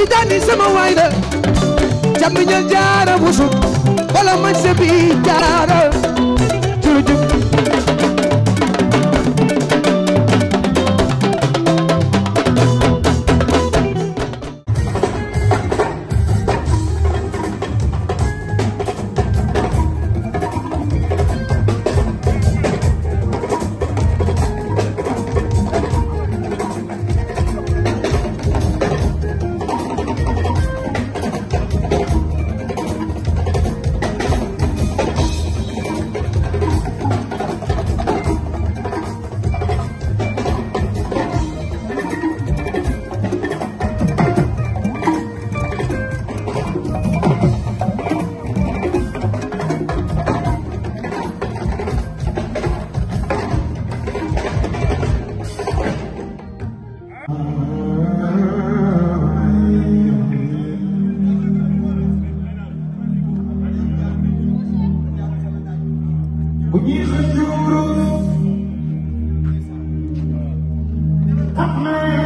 tijaani sama waay la jàmm ñal jaara busuk wala man sebi jaara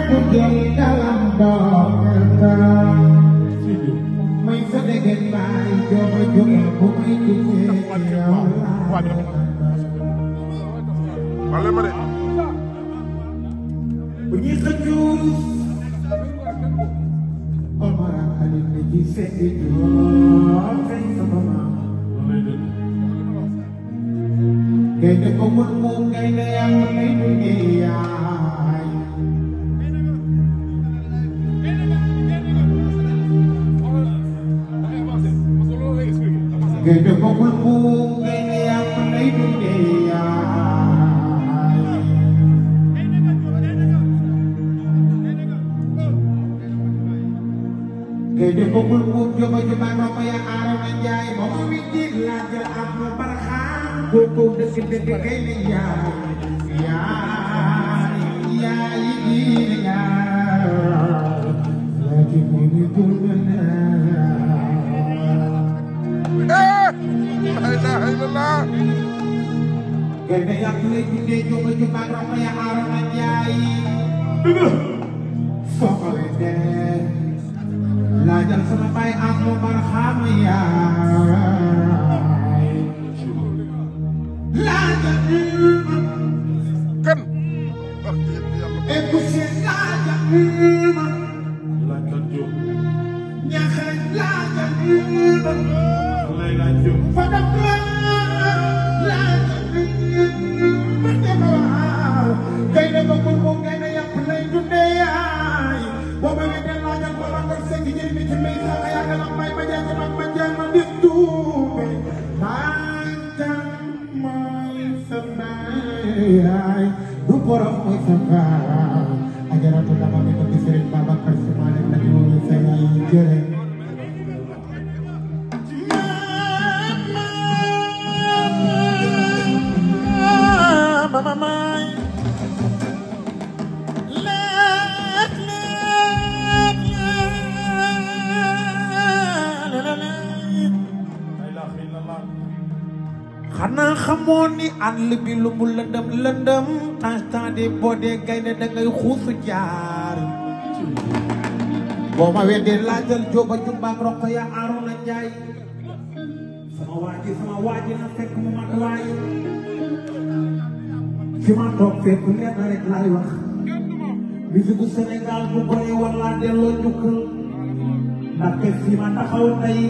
putih dalam doa Mai sedikit baik Jom jom bumi di Bunyi kecil Orang alim di sini Jom sama mama Kayaknya kau pun mungkin yang gaynde bokkul buum gaynde yàpp lay dundee yaay gaynde bokkul buum joma joma nooma ya aarama njaay mooma wi diir laaj am na barxaan kooku yaay yaay yaay diir gerte yàq lay bindee jóg ñu baal ma ya aarama jaay. dëgg la. soxale de laajal sama bay am mu barxaama yaay. laajal ilma. Oh, kan. écoutez laajal ilma. laajal jóg. ñaxal laajal ilma. yaay du borom mooy sa baax ajaratu dama mi ko di Serigne Babacar xanaa xamoon ni àll bi lu mu lëndëm lëndëm tanstandi boo dee gaynde da ngay jaar boo ma weddee laajal jóoba jumbaak roko ya Arona Njaay sama waaji sama waaji na fekk mu mag waay fi ma toog fekk leen rek laay wax musique Sénégal bu gore war laa delloo njukkal ndaxte fi ma taxaw tey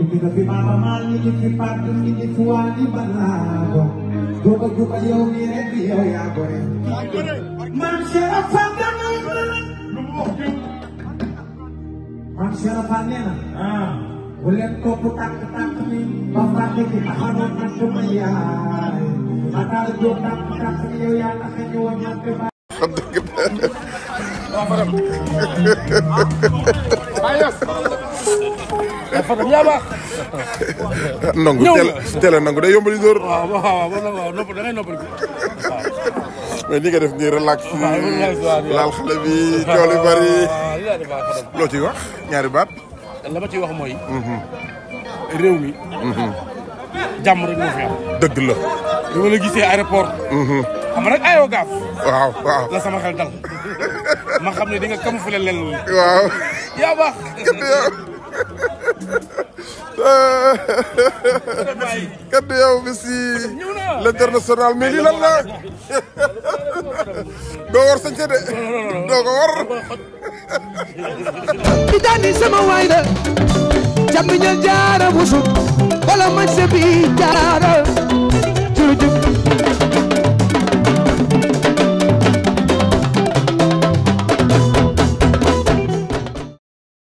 Ipita fi mama mal ni fi pat ni fi fuwa ni banago Duba duba yow mi rek yow yaa gore Man Cheikh Ibra Fall dama Man Cheikh Ibra Fall nee na bu leen topp tàkk tàkk mi ba fàtte fi taxawoon ak sama yaay Matar Diop tàkk tàkk mi yow yaa tax a ñëwoon ñàkk ba Bayes ay photo yaa baax. nangu teel a teel a nangu day yombali dóor. waaw waaw waaw nopp da ngay noppal ko waaw. mais ni nga def nii relax. laal xale bi coow li bari. loo ciy wax ñaari baat. la ma ciy wax mooy. Mhm. réew mi. Mhm. jàmm rek moo fi am. dëgg la. li ma la gisee aéroport. Mhm. xam nga nag ayoo gaaf. waaw waaw la sama xel dal. ma xam ne di nga camoufler lenn. waaw. yaa baax. kaddu yow bi si l'international mais lii lan la doo war sañse de doo ko daani sama waay da jàmmiñal jaara busut wala mañ se bi jaara